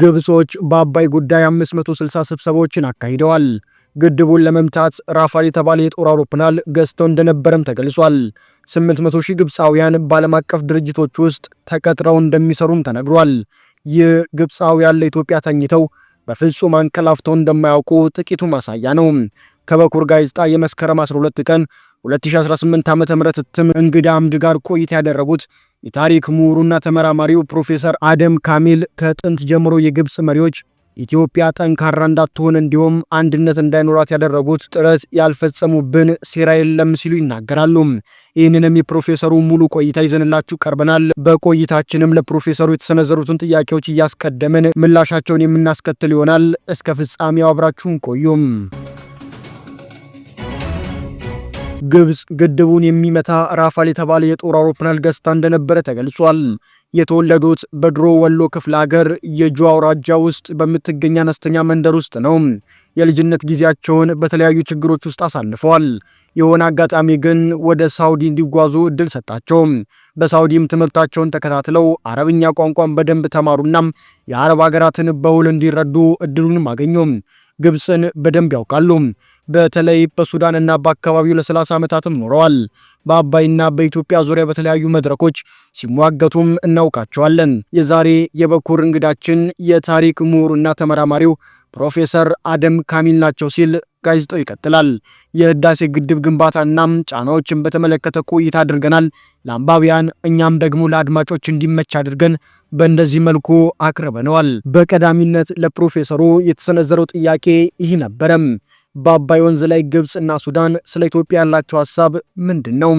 ግብጾች በአባይ ጉዳይ 560 ስብሰባዎችን አካሂደዋል። ግድቡን ለመምታት ራፋል የተባለ የጦር አውሮፕላን ገዝተው እንደነበረም ተገልጿል። 800 ሺህ ግብፃውያን በዓለም አቀፍ ድርጅቶች ውስጥ ተቀጥረው እንደሚሰሩም ተነግሯል። ይህ ግብፃውያን ለኢትዮጵያ ተኝተው በፍጹም አንቀላፍተው እንደማያውቁ ጥቂቱ ማሳያ ነው። ከበኩር ጋዜጣ የመስከረም 12 ቀን 2018 ዓ ም እትም እንግዳ አምድ ጋር ቆይታ ያደረጉት የታሪክ ምሁሩና ተመራማሪው ፕሮፌሰር አደም ካሚል ከጥንት ጀምሮ የግብፅ መሪዎች ኢትዮጵያ ጠንካራ እንዳትሆን እንዲሁም አንድነት እንዳይኖራት ያደረጉት ጥረት ያልፈጸሙብን ሴራ የለም ሲሉ ይናገራሉ። ይህንንም የፕሮፌሰሩ ሙሉ ቆይታ ይዘንላችሁ ቀርበናል። በቆይታችንም ለፕሮፌሰሩ የተሰነዘሩትን ጥያቄዎች እያስቀደምን ምላሻቸውን የምናስከትል ይሆናል። እስከ ፍጻሜው አብራችሁን ቆዩም። ግብጽ ግድቡን የሚመታ ራፋል የተባለ የጦር አውሮፕላን ገዝታ እንደነበረ ተገልጿል። የተወለዱት በድሮ ወሎ ክፍለ ሀገር የጁ አውራጃ ውስጥ በምትገኝ አነስተኛ መንደር ውስጥ ነው። የልጅነት ጊዜያቸውን በተለያዩ ችግሮች ውስጥ አሳልፈዋል። የሆነ አጋጣሚ ግን ወደ ሳውዲ እንዲጓዙ እድል ሰጣቸው። በሳውዲም ትምህርታቸውን ተከታትለው አረብኛ ቋንቋን በደንብ ተማሩና የአረብ ሀገራትን በውል እንዲረዱ እድሉንም አገኙ። ግብፅን በደንብ ያውቃሉ። በተለይ በሱዳንና በአካባቢው ለ30 ዓመታትም ኖረዋል። በአባይና በኢትዮጵያ ዙሪያ በተለያዩ መድረኮች ሲሟገቱም እናውቃቸዋለን። የዛሬ የበኩር እንግዳችን የታሪክ ምሁርና ተመራማሪው ፕሮፌሰር አደም ካሚል ናቸው ሲል ጋዜጣው ይቀጥላል። የህዳሴ ግድብ ግንባታናም ጫናዎችን በተመለከተ ቆይታ አድርገናል። ለአንባቢያን እኛም ደግሞ ለአድማጮች እንዲመች አድርገን በእንደዚህ መልኩ አቅርበነዋል። በቀዳሚነት ለፕሮፌሰሩ የተሰነዘረው ጥያቄ ይህ ነበረም። በአባይ ወንዝ ላይ ግብፅና ሱዳን ስለ ኢትዮጵያ ያላቸው ሀሳብ ምንድን ነው?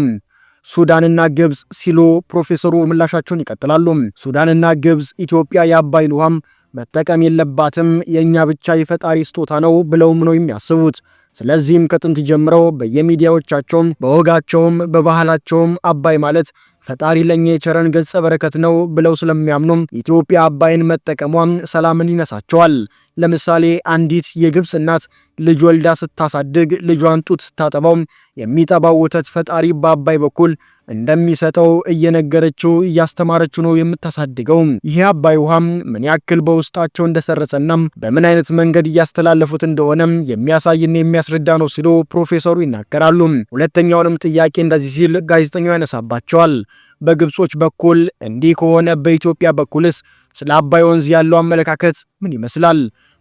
ሱዳንና ግብፅ ሲሉ ፕሮፌሰሩ ምላሻቸውን ይቀጥላሉ። ሱዳንና ግብፅ ኢትዮጵያ የአባይን ውሃም መጠቀም የለባትም፣ የእኛ ብቻ የፈጣሪ ስጦታ ነው ብለውም ነው የሚያስቡት። ስለዚህም ከጥንት ጀምረው በየሚዲያዎቻቸውም በወጋቸውም በባህላቸውም አባይ ማለት ፈጣሪ ለኛ የቸረን ገጸ በረከት ነው ብለው ስለሚያምኑም ኢትዮጵያ አባይን መጠቀሟም ሰላምን ይነሳቸዋል። ለምሳሌ አንዲት የግብፅ እናት ልጅ ወልዳ ስታሳድግ ልጇን ጡት ስታጠባውም የሚጠባው ወተት ፈጣሪ በአባይ በኩል እንደሚሰጠው እየነገረችው እያስተማረችው ነው የምታሳድገው። ይህ አባይ ውሃም ምን ያክል በውስጣቸው እንደሰረጸና በምን አይነት መንገድ እያስተላለፉት እንደሆነ የሚያሳይና የሚያስረዳ ነው ሲሉ ፕሮፌሰሩ ይናገራሉ። ሁለተኛውንም ጥያቄ እንደዚህ ሲል ጋዜጠኛው ያነሳባቸዋል። በግብጾች በኩል እንዲህ ከሆነ በኢትዮጵያ በኩልስ ስለ አባይ ወንዝ ያለው አመለካከት ምን ይመስላል?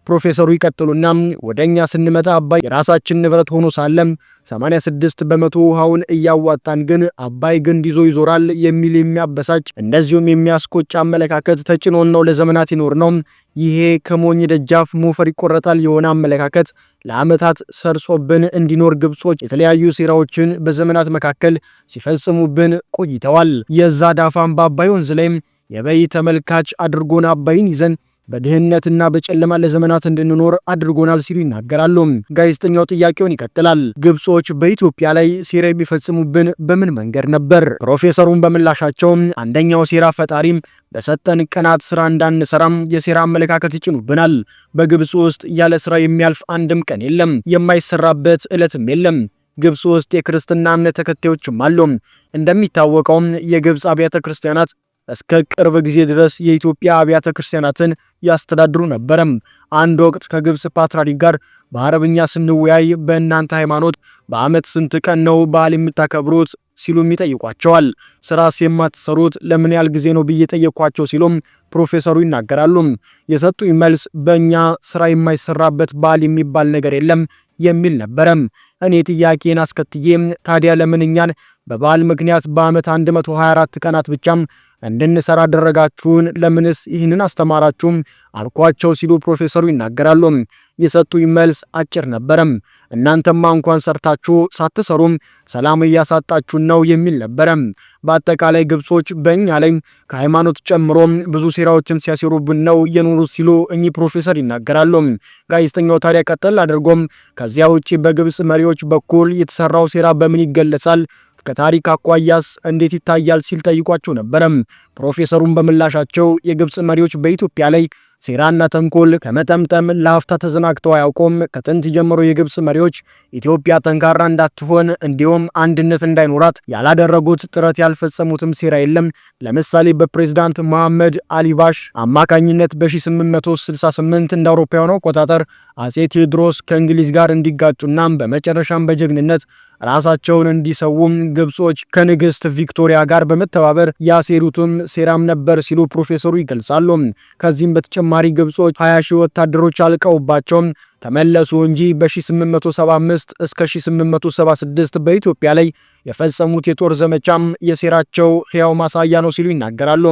ፕሮፌሰሩ ይቀጥሉና ወደኛ ስንመጣ አባይ የራሳችን ንብረት ሆኖ ሳለም 86 በመቶ ውሃውን እያዋጣን ግን አባይ ግንድ ይዞ ይዞራል የሚል የሚያበሳጭ እንደዚሁም የሚያስቆጭ አመለካከት ተጭኖን ነው ለዘመናት ይኖር ነው። ይሄ ከሞኝ ደጃፍ ሞፈር ይቆረጣል የሆነ አመለካከት ለአመታት ሰርሶብን እንዲኖር ግብጾች የተለያዩ ሴራዎችን በዘመናት መካከል ሲፈጽሙብን ቆይተዋል። የዛ ዳፋም በአባይ ወንዝ ላይም የበይ ተመልካች አድርጎን አባይን ይዘን በድህነትና በጨለማ ለዘመናት እንድንኖር አድርጎናል ሲሉ ይናገራሉ። ጋዜጠኛው ጥያቄውን ይቀጥላል። ግብጾች በኢትዮጵያ ላይ ሴራ የሚፈጽሙብን በምን መንገድ ነበር? ፕሮፌሰሩን በምላሻቸው አንደኛው ሴራ ፈጣሪም በሰጠን ቀናት ስራ እንዳንሰራም የሴራ አመለካከት ይጭኑብናል። በግብፅ ውስጥ ያለ ስራ የሚያልፍ አንድም ቀን የለም፣ የማይሰራበት ዕለትም የለም። ግብፅ ውስጥ የክርስትና እምነት ተከታዮችም አሉ። እንደሚታወቀውም የግብፅ አብያተ ክርስቲያናት እስከ ቅርብ ጊዜ ድረስ የኢትዮጵያ አብያተ ክርስቲያናትን ያስተዳድሩ ነበረም። አንድ ወቅት ከግብፅ ፓትርያርክ ጋር በአረብኛ ስንወያይ በእናንተ ሃይማኖት በዓመት ስንት ቀን ነው በዓል የምታከብሩት ሲሉም ይጠይቋቸዋል። ስራስ የማትሰሩት ለምን ያህል ጊዜ ነው ብዬ ጠየኳቸው ሲሉም ፕሮፌሰሩ ይናገራሉ። የሰጡኝ መልስ በእኛ ስራ የማይሰራበት በዓል የሚባል ነገር የለም የሚል ነበረም። እኔ ጥያቄን አስከትዬ ታዲያ ለምን እኛን በበዓል ምክንያት በዓመት 124 ቀናት ብቻም እንድንሰራ አደረጋችሁን? ለምንስ ይህንን አስተማራችሁም? አልኳቸው ሲሉ ፕሮፌሰሩ ይናገራሉ። የሰጡኝ መልስ አጭር ነበረም። እናንተማ እንኳን ሰርታችሁ ሳትሰሩም ሰላም እያሳጣችሁን ነው የሚል ነበረም። በአጠቃላይ ግብጾች በእኛ ላይ ከሃይማኖት ጨምሮ ብዙ ሴራዎችን ሲያሴሩብን ነው የኖሩት ሲሉ እኚህ ፕሮፌሰር ይናገራሉ። ጋዜጠኛው ታዲያ ቀጠል አድርጎም ከዚያ ውጭ በግብጽ መሪዎች በኩል የተሰራው ሴራ በምን ይገለጻል? ከታሪክ አኳያስ እንዴት ይታያል ሲል ጠይቋቸው ነበረም። ፕሮፌሰሩም በምላሻቸው የግብፅ መሪዎች በኢትዮጵያ ላይ ሴራና ተንኮል ከመጠምጠም ለሀፍታ ተዘናግተው አያውቁም። ከጥንት ጀምሮ የግብፅ መሪዎች ኢትዮጵያ ጠንካራ እንዳትሆን እንዲሁም አንድነት እንዳይኖራት ያላደረጉት ጥረት ያልፈጸሙትም ሴራ የለም። ለምሳሌ በፕሬዝዳንት መሐመድ አሊባሽ አማካኝነት በ1868 እንደ አውሮፓውያኑ አቆጣጠር አጼ ቴዎድሮስ ከእንግሊዝ ጋር እንዲጋጩና በመጨረሻም በጀግንነት ራሳቸውን እንዲሰውም ግብጾች ከንግሥት ቪክቶሪያ ጋር በመተባበር ያሴሩትም ሴራም ነበር ሲሉ ፕሮፌሰሩ ይገልጻሉ። ከዚህም በተጨማሪ ግብጾች 20 ሺህ ወታደሮች አልቀውባቸውም ተመለሱ እንጂ በ1875 እስከ 1876 በኢትዮጵያ ላይ የፈጸሙት የጦር ዘመቻም የሴራቸው ሕያው ማሳያ ነው ሲሉ ይናገራሉ።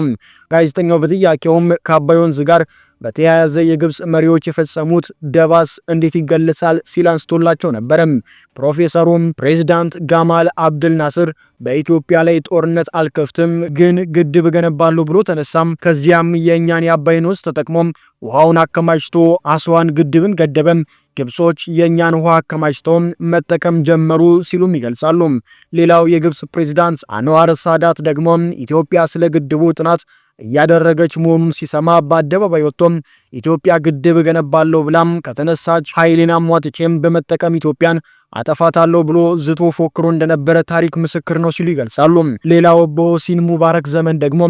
ጋዜጠኛው በጥያቄውም ከአባይ ወንዝ ጋር በተያያዘ የግብፅ መሪዎች የፈጸሙት ደባስ እንዴት ይገለጻል ሲል አንስቶላቸው ነበረም። ፕሮፌሰሩም ፕሬዚዳንት ጋማል አብድል ናስር በኢትዮጵያ ላይ ጦርነት አልከፍትም፣ ግን ግድብ ገነባለሁ ብሎ ተነሳም። ከዚያም የእኛን የአባይን ወንዝ ተጠቅሞም ውሃውን አከማችቶ አስዋን ግድብን ገደበም። ግብጾች የእኛን ውሃ አከማጭተው መጠቀም ጀመሩ ሲሉም ይገልጻሉ። ሌላው የግብጽ ፕሬዚዳንት አንዋር ሳዳት ደግሞ ኢትዮጵያ ስለ ግድቡ ጥናት እያደረገች መሆኑን ሲሰማ በአደባባይ ወጥቶ ኢትዮጵያ ግድብ እገነባለሁ ብላም ከተነሳች ኃይሌን አሟጥጬም በመጠቀም ኢትዮጵያን አጠፋታለሁ ብሎ ዝቶ ፎክሮ እንደነበረ ታሪክ ምስክር ነው ሲሉ ይገልጻሉ። ሌላው በሆሲን ሙባረክ ዘመን ደግሞ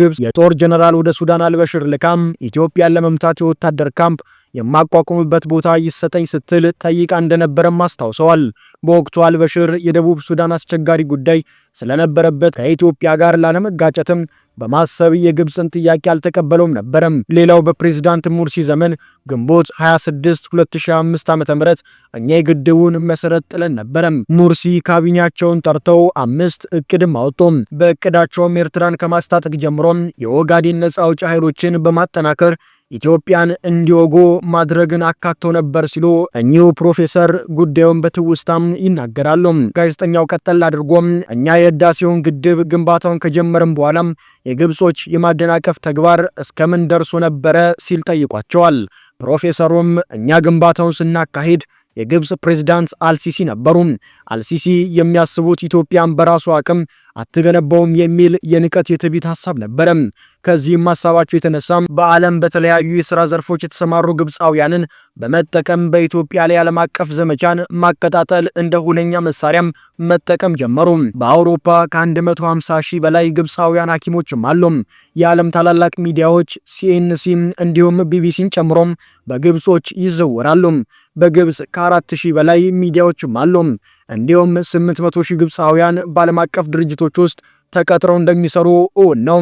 ግብጽ የጦር ጀነራል ወደ ሱዳን አልበሽር ልካም ኢትዮጵያን ለመምታት የወታደር ካምፕ የማቋቁምበት ቦታ ይሰጠኝ ስትል ጠይቃ እንደነበረም አስታውሰዋል። በወቅቱ አልበሽር የደቡብ ሱዳን አስቸጋሪ ጉዳይ ስለነበረበት ከኢትዮጵያ ጋር ላለመጋጨትም በማሰብ የግብፅን ጥያቄ አልተቀበለውም ነበረም። ሌላው በፕሬዝዳንት ሙርሲ ዘመን ግንቦት 26 2005 ም እኛ የግድቡን መሰረት ጥለን ነበረም። ሙርሲ ካቢኔያቸውን ጠርተው አምስት እቅድም አወጡም። በእቅዳቸውም ኤርትራን ከማስታጠቅ ጀምሮም የኦጋዴን ነፃ አውጪ ኃይሎችን በማጠናከር ኢትዮጵያን እንዲወጉ ማድረግን አካቶ ነበር ሲሉ እኚሁ ፕሮፌሰር ጉዳዩን በትውስታም ይናገራሉ። ጋዜጠኛው ቀጠል አድርጎም እኛ የህዳሴውን ግድብ ግንባታውን ከጀመርም በኋላም የግብጾች የማደናቀፍ ተግባር እስከምን ደርሶ ነበረ ሲል ጠይቋቸዋል። ፕሮፌሰሩም እኛ ግንባታውን ስናካሂድ የግብፅ ፕሬዝዳንት አልሲሲ ነበሩ። አልሲሲ የሚያስቡት ኢትዮጵያን በራሱ አቅም አትገነባውም የሚል የንቀት የትቢት ሀሳብ ነበረም። ከዚህም ሀሳባቸው የተነሳም በዓለም በተለያዩ የሥራ ዘርፎች የተሰማሩ ግብፃውያንን በመጠቀም በኢትዮጵያ ላይ ዓለም አቀፍ ዘመቻን ማቀጣጠል እንደ ሁነኛ መሳሪያም መጠቀም ጀመሩ። በአውሮፓ ከ150 ሺህ በላይ ግብፃውያን ሐኪሞችም አሉ። የዓለም ታላላቅ ሚዲያዎች ሲኤንሲ እንዲሁም ቢቢሲን ጨምሮም በግብጾች ይዘወራሉ። በግብፅ ከ4000 በላይ ሚዲያዎችም አሉ። እንዲሁም 800 ሺህ ግብፃውያን በዓለም አቀፍ ድርጅቶች ውስጥ ተቀጥረው እንደሚሰሩ እውን ነው።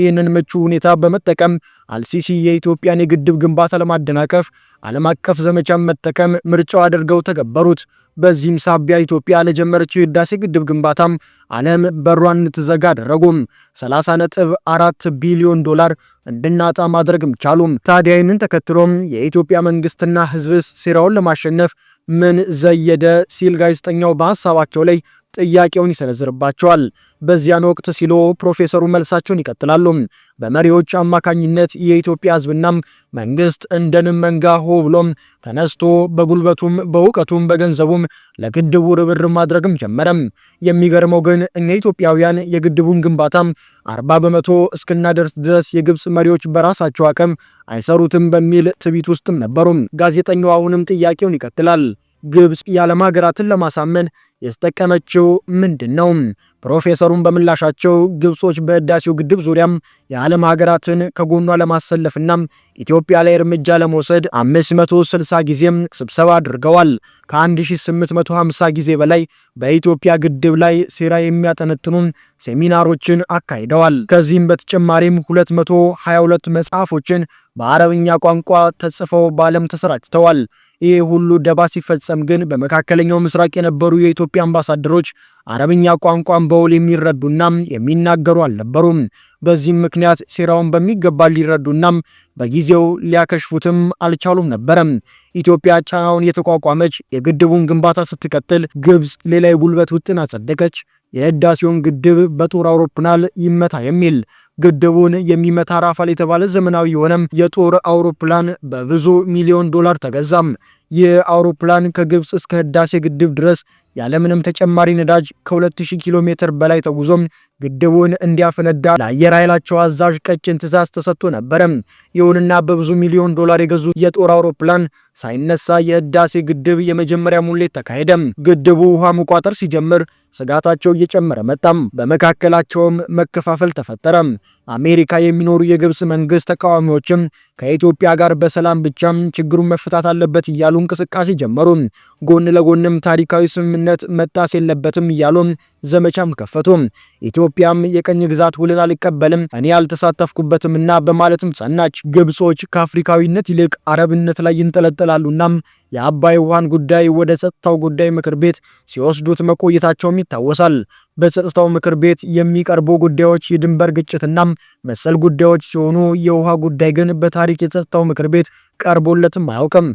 ይህንን ምቹ ሁኔታ በመጠቀም አልሲሲ የኢትዮጵያን የግድብ ግንባታ ለማደናቀፍ ዓለም አቀፍ ዘመቻን መጠቀም ምርጫው አድርገው ተገበሩት። በዚህም ሳቢያ ኢትዮጵያ ለጀመረችው የህዳሴ ግድብ ግንባታም ዓለም በሯን እንድትዘጋ አደረጉም። 30.4 ቢሊዮን ዶላር እንድናጣ ማድረግም ቻሉም። ታዲያ ይህንን ተከትሎም የኢትዮጵያ መንግስትና ህዝብስ ሴራውን ለማሸነፍ ምን ዘየደ ሲል ጋዜጠኛው በሀሳባቸው ላይ ጥያቄውን ይሰነዝርባቸዋል። በዚያን ወቅት ሲሉ ፕሮፌሰሩ መልሳቸውን ይቀጥላሉ። በመሪዎች አማካኝነት የኢትዮጵያ ህዝብና መንግስት እንደ መንጋ ሆ ብሎም ተነስቶ በጉልበቱም በእውቀቱም በገንዘቡም ለግድቡ ርብር ማድረግም ጀመረም። የሚገርመው ግን እኛ ኢትዮጵያውያን የግድቡን ግንባታ 40 በመቶ እስክናደርስ ድረስ የግብፅ መሪዎች በራሳቸው አቅም አይሰሩትም በሚል ትቢት ውስጥም ነበሩም። ጋዜጠኛው አሁንም ጥያቄውን ይቀጥላል። ግብፅ የዓለም ሀገራትን ለማሳመን የተጠቀመችው ምንድን ነው? ፕሮፌሰሩም በምላሻቸው ግብጾች በህዳሴው ግድብ ዙሪያም የዓለም ሀገራትን ከጎኗ ለማሰለፍና ኢትዮጵያ ላይ እርምጃ ለመውሰድ 560 ጊዜም ስብሰባ አድርገዋል። ከ1850 ጊዜ በላይ በኢትዮጵያ ግድብ ላይ ሴራ የሚያጠነጥኑ ሴሚናሮችን አካሂደዋል። ከዚህም በተጨማሪም 222 መጽሐፎችን በአረብኛ ቋንቋ ተጽፈው በዓለም ተሰራጭተዋል። ይህ ሁሉ ደባ ሲፈጸም ግን በመካከለኛው ምስራቅ የነበሩ የኢትዮጵያ አምባሳደሮች አረብኛ ቋንቋን በውል የሚረዱና የሚናገሩ አልነበሩም። በዚህም ምክንያት ሴራውን በሚገባ ሊረዱናም በጊዜው ሊያከሽፉትም አልቻሉም ነበረም። ኢትዮጵያ ቻናውን የተቋቋመች የግድቡን ግንባታ ስትቀጥል ግብፅ ሌላ የጉልበት ውጥን አጸደቀች። የህዳሴውን ግድብ በጦር አውሮፕላን ይመታ የሚል ግድቡን የሚመታ ራፋል የተባለ ዘመናዊ የሆነም የጦር አውሮፕላን በብዙ ሚሊዮን ዶላር ተገዛም። ይህ አውሮፕላን ከግብፅ እስከ ህዳሴ ግድብ ድረስ ያለምንም ተጨማሪ ነዳጅ ከ2000 ኪሎ ሜትር በላይ ተጉዞም ግድቡን እንዲያፈነዳ ለአየር ኃይላቸው አዛዥ ቀጭን ትእዛዝ ተሰጥቶ ነበረ። ይሁንና በብዙ ሚሊዮን ዶላር የገዙ የጦር አውሮፕላን ሳይነሳ የህዳሴ ግድብ የመጀመሪያ ሙሌት ተካሄደ። ግድቡ ውሃ መቋጠር ሲጀምር ስጋታቸው እየጨመረ መጣም። በመካከላቸውም መከፋፈል ተፈጠረም። አሜሪካ የሚኖሩ የግብፅ መንግስት ተቃዋሚዎችም ከኢትዮጵያ ጋር በሰላም ብቻ ችግሩን መፍታት አለበት እያሉ እንቅስቃሴ ጀመሩ። ጎን ለጎንም ታሪካዊ ስምምነት መጣስ የለበትም እያሉም ዘመቻም ከፈቱ። ኢትዮጵያም የቀኝ ግዛት ውልን አልቀበልም እኔ አልተሳተፍኩበትም እና በማለትም ጸናች። ግብጾች ከአፍሪካዊነት ይልቅ አረብነት ላይ ይንጠለጠላሉናም የአባይ ውሃን ጉዳይ ወደ ጸጥታው ጉዳይ ምክር ቤት ሲወስዱት መቆየታቸውም ይታወሳል። በጸጥታው ምክር ቤት የሚቀርቡ ጉዳዮች የድንበር ግጭትና መሰል ጉዳዮች ሲሆኑ የውሃ ጉዳይ ግን በታሪክ የጸጥታው ምክር ቤት ቀርቦለትም አያውቅም።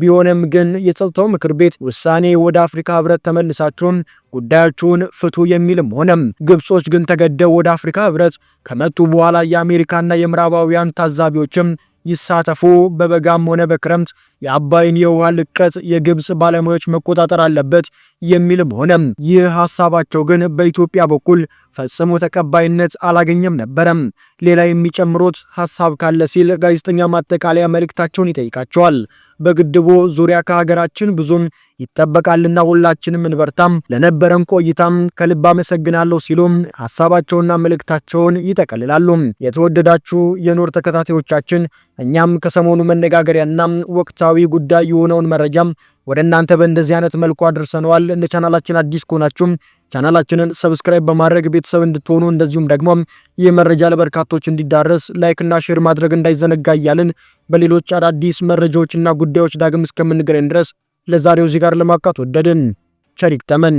ቢሆንም ግን የጸጥታው ምክር ቤት ውሳኔ ወደ አፍሪካ ህብረት ተመልሳችሁን ጉዳያችሁን ፍቱ የሚልም ሆነም። ግብጾች ግን ተገደው ወደ አፍሪካ ህብረት ከመጡ በኋላ የአሜሪካና የምዕራባውያን ታዛቢዎችም ይሳተፉ። በበጋም ሆነ በክረምት የአባይን የውሃ ልቀት የግብፅ ባለሙያዎች መቆጣጠር አለበት የሚልም ሆነም ይህ ሀሳባቸው ግን በኢትዮጵያ በኩል ፈጽሞ ተቀባይነት አላገኘም ነበረም። ሌላ የሚጨምሩት ሀሳብ ካለ ሲል ጋዜጠኛ ማጠቃለያ መልእክታቸውን ይጠይቃቸዋል። በግድቡ ዙሪያ ከሀገራችን ብዙም ይጠበቃልና ሁላችንም እንበርታም። ለነበረን ቆይታም ከልብ አመሰግናለሁ ሲሉም ሀሳባቸውና መልእክታቸውን ይጠቀልላሉ። የተወደዳችሁ የኖር ተከታታዮቻችን እኛም ከሰሞኑ መነጋገሪያና ወቅታዊ ጉዳይ የሆነውን መረጃም ወደ እናንተ በእንደዚህ አይነት መልኩ አድርሰነዋል። እንደ ቻናላችን አዲስ ከሆናችሁም ቻናላችንን ሰብስክራይብ በማድረግ ቤተሰብ እንድትሆኑ እንደዚሁም ደግሞ ይህ መረጃ ለበርካቶች እንዲዳረስ ላይክና ሼር ማድረግ እንዳይዘነጋ እያልን በሌሎች አዳዲስ መረጃዎችና ጉዳዮች ዳግም እስከምንገናኝ ድረስ ለዛሬው እዚህ ጋር ለማብቃት ወደድን። ቸሪክ ተመን